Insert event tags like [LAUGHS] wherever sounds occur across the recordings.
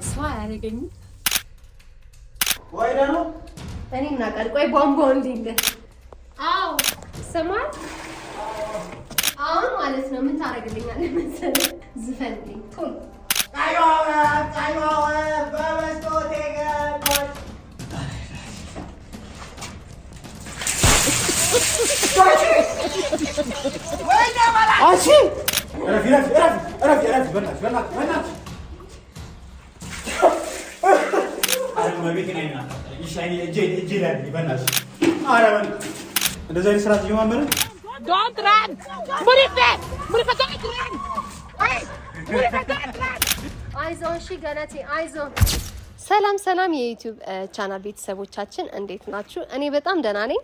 እሷ አያደርገኝም። ወይ ነው እኔ እናውቃለን። ቆይ ቧንቧው እንዴት አዎ ስማት፣ አሁን ማለት ነው ምን ታደርግልኛለህ መሰለህ? ዝፈልልኝ ቶሎ ረፊ ረፊ ረፊ ረፊ ስራ ሰላም ሰላም የዩቲዩብ ቻናል ቤተሰቦቻችን እንዴት ናችሁ? እኔ በጣም ደህና ነኝ።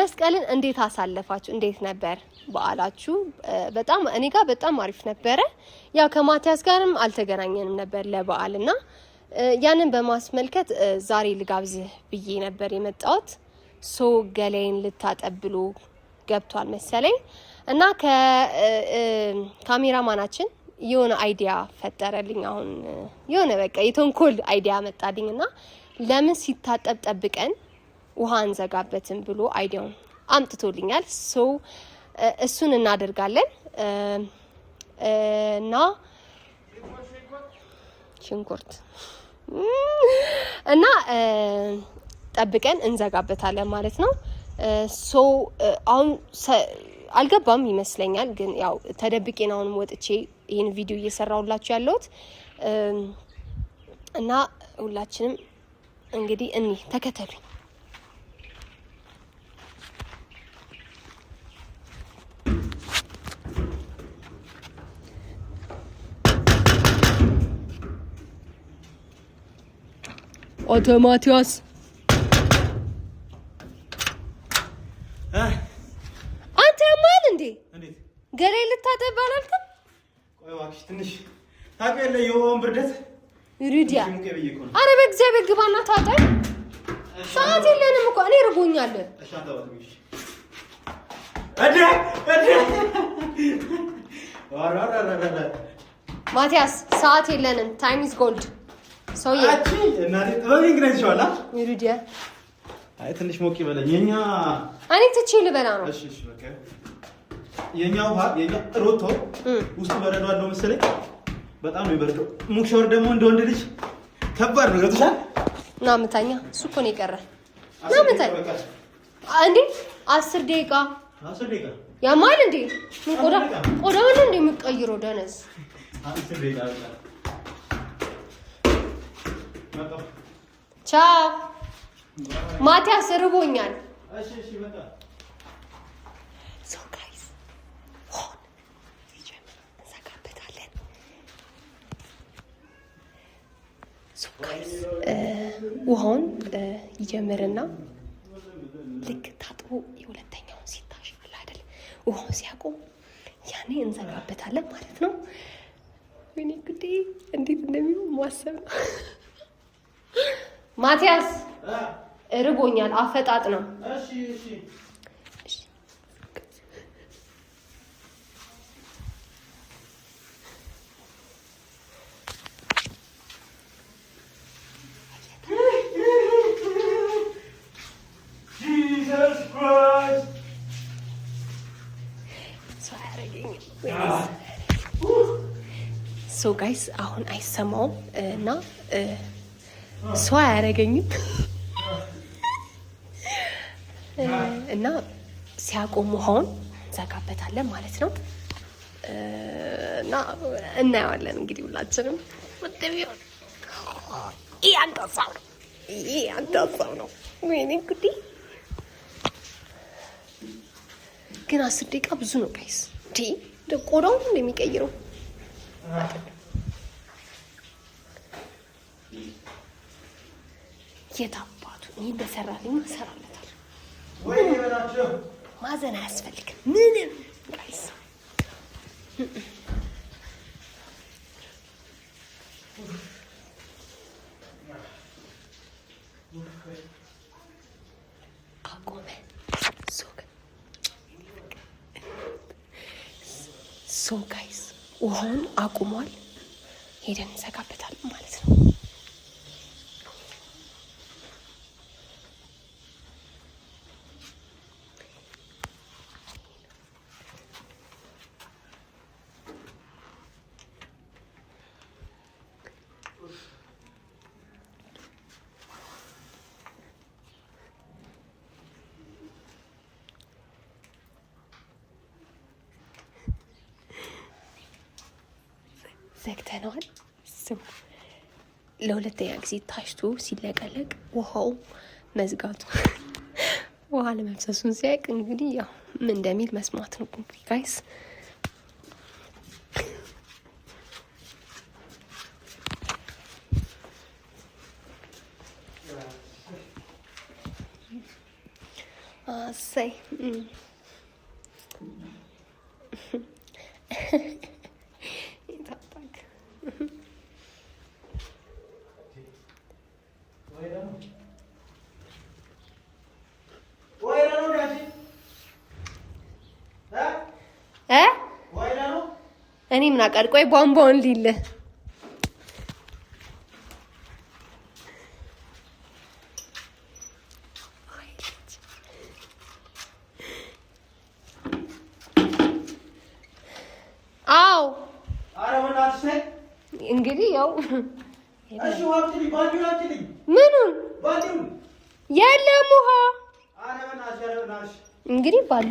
መስቀልን እንዴት አሳለፋችሁ? እንዴት ነበር በዓላችሁ? በጣም እኔ ጋር በጣም አሪፍ ነበረ። ያው ከማቲያስ ጋርም አልተገናኘንም ነበር ለበዓል እና ያንን በማስመልከት ዛሬ ልጋብዝህ ብዬ ነበር የመጣሁት። ሶ ገላዬን ልታጠብሎ ገብቷል መሰለኝ እና ከካሜራማናችን የሆነ አይዲያ ፈጠረልኝ። አሁን የሆነ በቃ የተንኮል አይዲያ መጣልኝ እና ለምን ሲታጠብ ጠብቀን ውሃ አንዘጋበትም ብሎ አይዲያውን አምጥቶልኛል። ሶ እሱን እናደርጋለን እና ሽንኩርት እና ጠብቀን እንዘጋበታለን ማለት ነው። ሶ አሁን አልገባም ይመስለኛል፣ ግን ያው ተደብቄን አሁንም ወጥቼ ይህን ቪዲዮ እየሰራሁላችሁ ያለሁት እና ሁላችንም እንግዲህ እኒ ተከተሉኝ። አቶ ማቲያስ አንተ ማን እንዴ? ገሬ ልታጠብ አላልክም? ቆይ እባክሽ ትንሽ ታውቂያለሽ የውሃውን ብርደት። ሪዲያ አረ በእግዚአብሔር ግባና ታጠብ። ሰዓት የለንም እኮ እኔ ርቦኛል። ማቲያስ ሰዓት የለንም። ታይም ኢዝ ጎልድ ትንሽ ሞቅ ይበለኝ። የኛ እኔ ትቼ ልበላ ነው። እሺ እሺ፣ በቃ የኛ ውሃ የኛ ሮቶ ውስጡ በረዶ አለው መሰለኝ። በጣም ነው የበረደው። ሙክ ሻወር ደግሞ እንደ ወንድ ልጅ ከባድ ነው። ገብቶሻል? ና ምታኛ። እሱ እኮ ነው የቀረ። ና ምታኝ እንዴ! አስር ደቂቃ አስር ደቂቃ ያማል እንዴ? ምን ቆዳ ቆዳውን እንደ የምትቀይረው ደነዝ ቻው ማቲያስ፣ ርቦኛል። እንዘጋበታለን። ውሃውን ይጀምርና ልክ ታጥቦ የሁለተኛውን ሲታሽ አለ አይደል? ውሃውን ሲያቆም ያኔ እንዘጋበታለን ማለት ነው። ወይኔ ጉዴ እንዴት እንደሚሆን ማሰብ ነው። ማቲያስ እርቦኛል፣ አፈጣጥ ነው። ሶ ጋይስ ah. አሁን አይሰማውም እና ሰው አያደርገኝም እና ሲያቆም ውሃውን እንዘጋበታለን ማለት ነው እና እናየዋለን እንግዲህ ሁላችንም ይህ አንተ ይህ አንተ ነው። ወይኔ ጉዴ! ግን አስር ደቂቃ ብዙ ነው ጋይስ። እንዴ ቆዳውን እንደሚቀይረው የታባቱ ይህ በሰራተኛ ሰራለታል። ማዘን አያስፈልግም ምንም ጋይስ ሶ ጋይስ ውሃውን አቁሟል። ሄደን እንዘጋበታለን ማለት ነው። ለሁለተኛ ጊዜ ታሽቶ ሲለቀለቅ ውሃው መዝጋቱ ውሃ ለመፍሰሱን ሲያቅ እንግዲህ ያው ምን እንደሚል መስማት ነው። እንግዲህ ጋይስ አሰይ እኔ ምን አውቃል? ቆይ ቧንቧውን ሊለ አዎ፣ እንግዲህ ያው ምኑን የለም ውሃ እንግዲህ ባሉ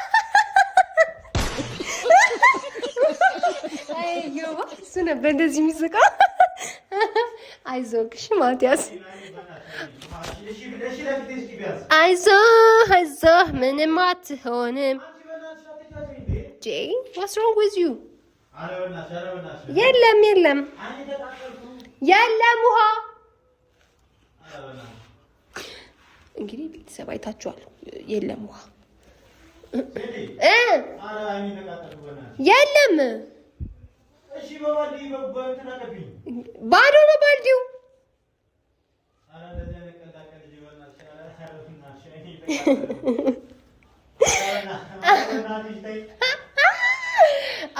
እሱ ነበር እንደዚህ የሚስቃ። አይዞህ እሺ ማቲያስ፣ አይዞህ አይዞህ፣ ምንም አትሆንም። ዋትስ ሮንግ ዊዝ ዩ? የለም የለም የለም ውሃ። እንግዲህ ቤተሰብ አይታችኋል። የለም ውሃ የለም ባዶ ነው ባልዲው።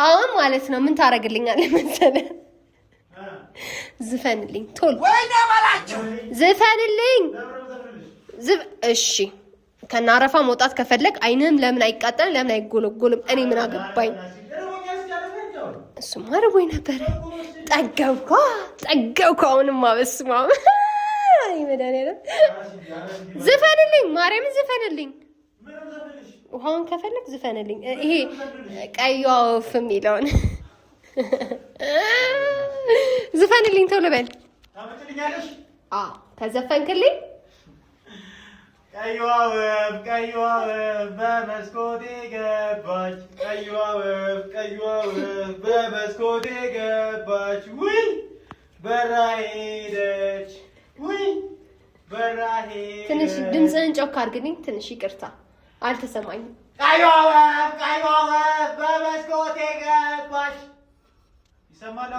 አሁን ማለት ነው ምን ታደርግልኛለህ መሰለህ? ዝፈንልኝ ቶሎ ዝፈንልኝ። እሺ ከናረፋ መውጣት ከፈለግ አይንህም ለምን አይቃጠልም? ለምን አይጎለጎልም? እኔ ምን አገባኝ? እሱማ ርቦኝ ነበረ። ጠገብኳ ጠገብኳ። አሁንማ በስመ አብ መድኃኒዓለም ዝፈንልኝ፣ ማርያም ዝፈንልኝ። ውሃውን ከፈለግ ዝፈንልኝ። ይሄ ቀዩ ወፍ የሚለውን ዝፈንልኝ፣ ተው ልበል። ከዘፈንክልኝ ቀይዋ ወፍ በመስኮቴ ገባች። ቀይዋ ወፍ በመስኮቴ ገባች። ውይ በራ ሄደች። ውይ በራ ሄደች። ትንሽ ድምፅህን ጮክ አድርግልኝ። ትንሽ ይቅርታ አልተሰማኝም። ቀይዋ ወፍ በመስኮቴ ገባች። ይሰማል?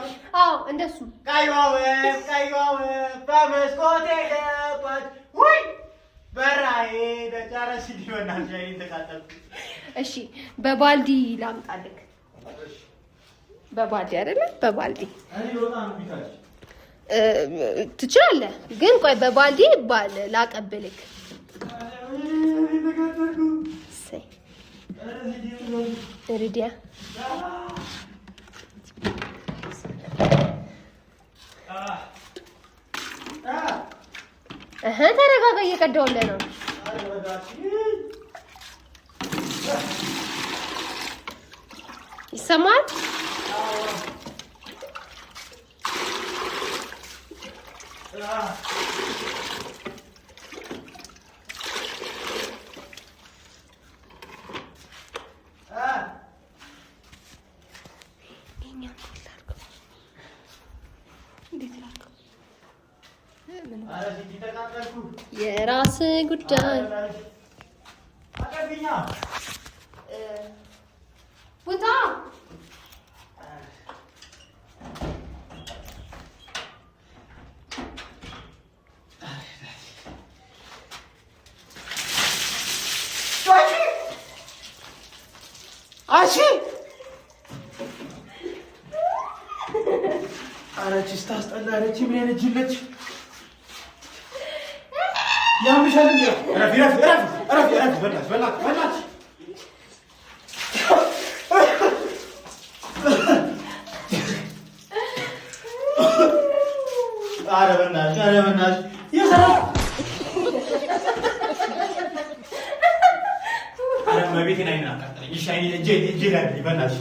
አዎ እንደሱ። ቀይዋ ወፍ በመስኮቴ ገባች። ውይ እሺ በባልዲ ላምጣልክ። በባልዲ አይደለም በባልዲ ትችላለህ፣ ግን ቆይ በባልዲ ባል ላቀብልክ። ሪዲያ እህ ተረጋጋ፣ እየቀዳሁልህ ነው። ይሰማል። የራስ ጉዳይ ውጣ። አሺ አረቺ ስታስጠላ አረቺ ምን አይነት ጅለች ያምሻል እንዴ? እረፍ እረፍ እረፍ እረፍ እረፍ። በላሽ በላሽ በላሽ። ኧረ በእናትሽ ኧረ በእናትሽ የሰራ ኧረ እመቤቴን አይናቃጠለኝ። እሺ አይኔ እጄ እጄ ላይ በእናትሽ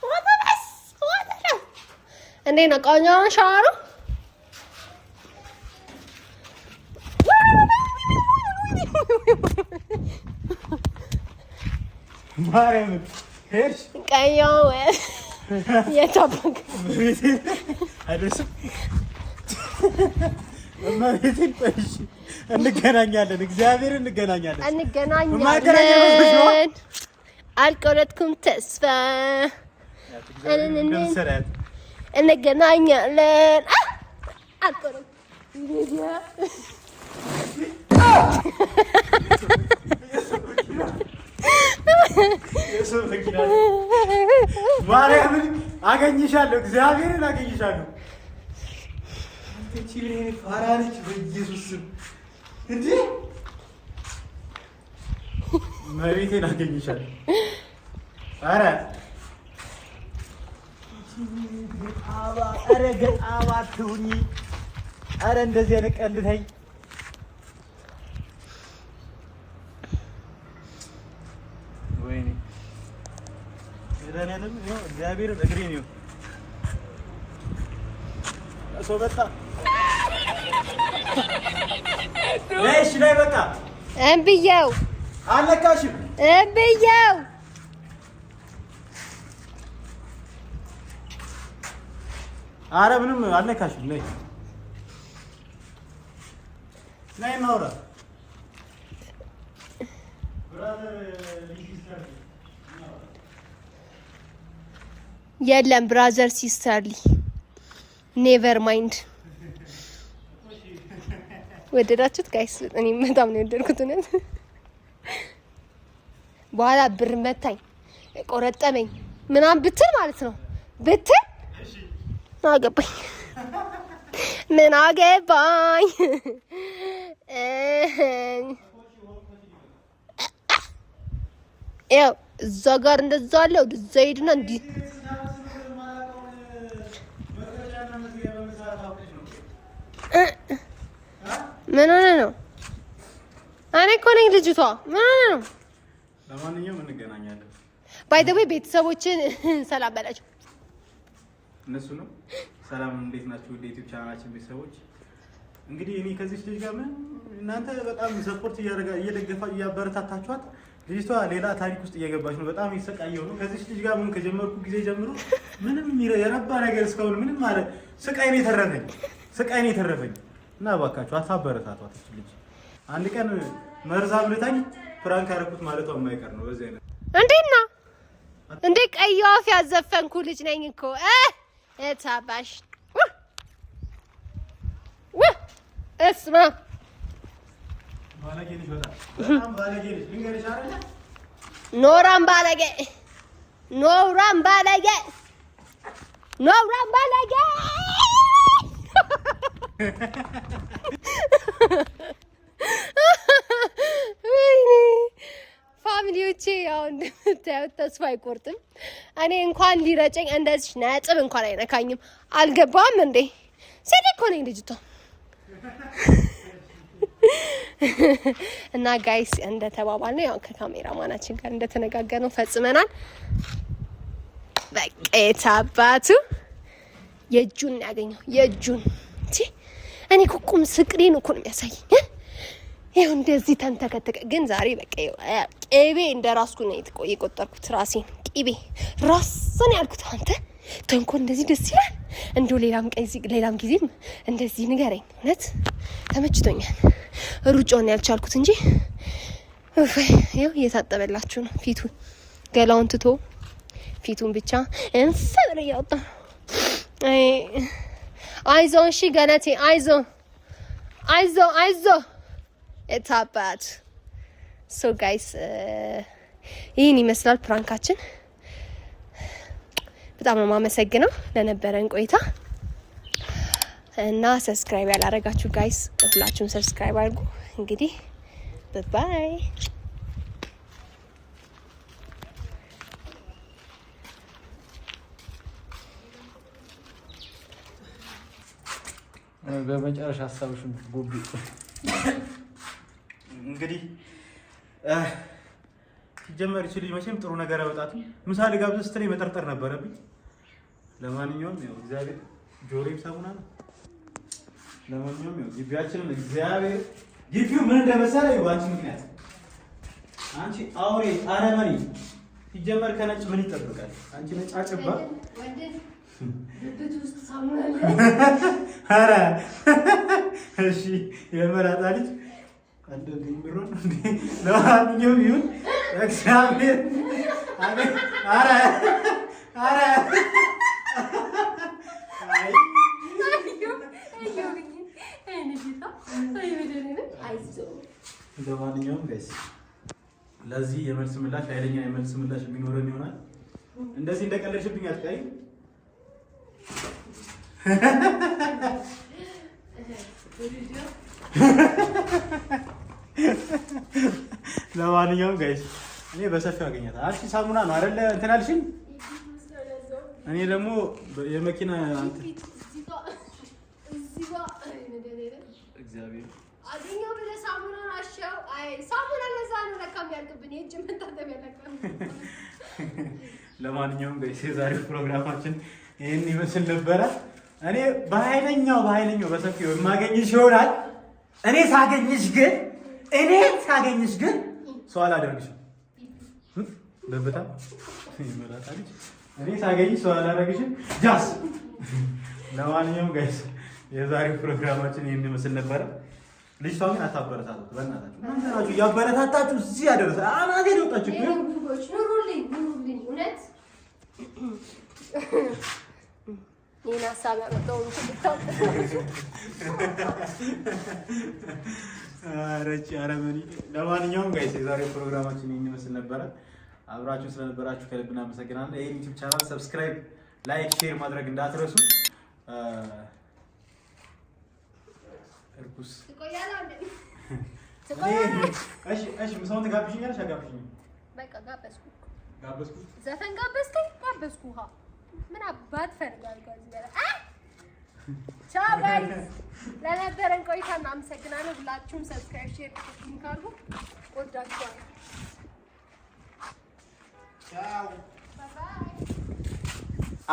እንዴት ነው? ቆንጆ ነው ሻወሩ? እንገናኛለን። እግዚአብሔር እንገናኛለን፣ እንገናኛለን። አልቆረጥኩም ተስፋ እንገናኛለን። ማርያምን አገኝሻለሁ፣ እግዚአብሔርን አገኝሻለሁ። ፋራነች በኢየሱስ እንዴ መሬቴን አገኝሻለሁ። ኧረ ገጣባ አትሁኝ። ኧረ እንደዚህ አይነት ቀልድ ተይኝ። ወይኔ መድኃኒዓለም እግዚአብሔርን እግሬን ይኸው ሰው በቃ እሺ፣ ላይ በቃ እምብዬው አልነካሽም እምብዬው አረ ምንም አልነካሽም። ነይ ነይ እናውራ። የለም ብራዘር ሲስተርሊ ኔቨር ማይንድ ወደዳችሁት ጋይስ? እኔ በጣም ነው የወደድኩት። እውነት በኋላ ብር መታኝ ቆረጠመኝ ምናምን ብትል ማለት ነው ብትል ምን አገባኝ ምን አገባኝ። ያው እዛ ጋር እንደዛ አለ እዛ ሄድና እንዲህ ምን ሆነ ነው? እኔ እኮ ነኝ ልጅቷ። ምን ሆነ ነው? ለማንኛውም እንገናኛለን። ባይ ዘ ወይ ቤተሰቦችን [LAUGHS] ሰላም በላቸው። እነሱ ነው ሰላም እንዴት ናችሁ? ወደ ዩቲዩብ ቻናላችን ቤተሰቦች እንግዲህ እኔ ከዚች ልጅ ጋር እናንተ በጣም ሰፖርት እየደገፋ እያበረታታችኋት ልጅቷ ሌላ ታሪክ ውስጥ እየገባች ነው። በጣም እየሰቃየሁ ነው። ከዚች ልጅ ጋር ምን ከጀመርኩ ጊዜ ጀምሮ ምንም የረባ ነገር እስካሁን ምንም አለ ስቃይ ነው የተረፈኝ፣ ስቃይ ነው የተረፈኝ እና እባካችሁ አታበረታቷት ልጅ አንድ ቀን መርዛ ብልታኝ ፕራንክ ያደረኩት ማለቷ የማይቀር ነው። በዚህ አይነት እንዴና እንዴ ቀይ አፍ ያዘፈንኩ ልጅ ነኝ እኮ እህ Evet abi baş. Esma. Bana geliş o da. Tamam bana geliş. Gün geliş arayla. Noran bana gel. Noran bana gel. Noran bana gel. [LAUGHS] [LAUGHS] ፋሚሊዎቼ ያው እንደምታዩት [LAUGHS] ተስፋ አይቆርጥም። እኔ እንኳን ሊረጨኝ እንደዚህ ነጥብ እንኳን አይነካኝም። አልገባም እንዴ ሴት እኮ ነኝ ልጅቷ። [LAUGHS] እና ጋይስ እንደተባባል ነው ያው ከካሜራ ማናችን ጋር ነው ፈጽመናል። በቃ የታባቱ የእጁን ያገኘው የእጁን እኔ እኮ ቁም ስቅሬን እኮ ነው የሚያሳየኝ ይኸው እንደዚህ ተንተከተከ። ግን ዛሬ በቃ ቅቤ እንደ ራስኩ ነው የቆጠርኩት። ራሴን ቅቤ ራስን ያልኩት አንተ ተንኮ እንደዚህ ደስ ይላል። እንዶ ሌላም ሌላም ጊዜም እንደዚህ ንገረኝ። እውነት ተመችቶኛል። ሩጫውን ያልቻልኩት እንጂ ይኸው እየታጠበላችሁ ነው። ፊቱ ገላውን ትቶ ፊቱን ብቻ እንሰ ብሎ እያወጣ አይዞ፣ እሺ ገለቴ አይዞ፣ አይዞ፣ አይዞ ኤታባት ሶ ጋይስ ይህን ይመስላል ፕራንካችን። በጣም ነው የማመሰግነው ለነበረን ቆይታ እና ሰብስክራይብ ያላረጋችሁ ጋይስ ሁላችሁም ሰብስክራይብ አድርጉ። እንግዲህ ብባይ በመጨረሻ ሀሳብሽን ጉቢ እንግዲህ ሲጀመር ይች ልጅ መቼም ጥሩ ነገር አይወጣትም። ምሳ ልጋብዝ ስትለኝ መጠርጠር ነበረብኝ። ለማንኛውም ያው እግዚአብሔር ጆሮ ሳሙና ነው። ለማንኛውም ያው ግቢያችንን እግዚአብሔር ግቢው ምን እንደመሰለ ይዋጭ ምክንያት አንቺ አውሬ አረመኔ ሲጀመር ከነጭ ምን ይጠብቃል? አንቺ ነጭ አጭባ ኧረ እሺ የመላጣ ልጅ እንደዚህ ምሮን እንዴ ለማንኛውም ይሁን እግዚአብሔር አረ አረ ለማንኛውም ጋይስ ለዚህ የመልስ ምላሽ ኃይለኛ የመልስ ምላሽ የሚኖረን ይሆናል። እንደዚህ እንደቀለድሽብኝ አትቃይ [LAUGHS] ለማንኛውም ጋይስ እኔ በሰፊው አገኛታለሁ። አንቺ ሳሙና ነው አይደለ እንትን አልሽኝ። እኔ ደግሞ የመኪና ለማንኛውም ጋይስ የዛሬው ፕሮግራማችን ይህን ይመስል ነበረ። እኔ በኃይለኛው በኃይለኛው በሰፊው የማገኝሽ ይሆናል። እኔ ሳገኝሽ ግን እኔ ሳገኝሽ ግን ሰው አላደርግሽም። በብታ እኔ ሳገኝሽ ሰው አላደርግሽም። ጃስ ለማንኛውም ጋይስ የዛሬው ፕሮግራማችን ይህን ይመስል ነበረ። ልጅቷ ግን አታበረታቱ። በእናታችሁ ያበረታታችሁ እዚህ ያደረሰ አናገር አናቴ እውነት ይህን ሀሳብ ያመጣው ረጭ አረመኒ። ለማንኛውም ጋይስ የዛሬ ፕሮግራማችን ይህን ይመስል ነበረ። አብራችሁን ስለነበራችሁ ከልብ እናመሰግናለን። ይህን ዩቲዩብ ቻናል ሰብስክራይብ፣ ላይክ፣ ሼር ማድረግ እንዳትረሱ። እርኩስ [LAUGHS] ምሳውን ትጋብዥኛለሽ? አጋብዥኝ። ጋበዝኩ ዘፈን ጋበዝከኝ፣ ጋበዝኩ። ምን አባት ፈልጋል ቻው ጋይስ፣ ለነበረን ቆይታ እናመሰግናለን። ሁላችሁም ሰብስክራይብ፣ ሼር ካሉ ወዳችኋለሁ።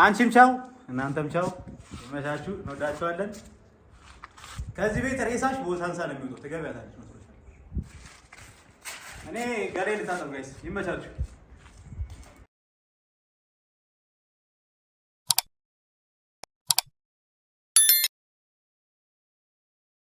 አንቺም ቻው፣ እናንተም ቻው። ይመቻችሁ፣ እንወዳችኋለን። ከዚህ ቤት ሬሳሽ ቦታንሳ ነው የሚወጣው። ትገቢያታለሽ መስሎሻል። እኔ ገሬ ልታጠብ። ጋይስ ይመቻችሁ።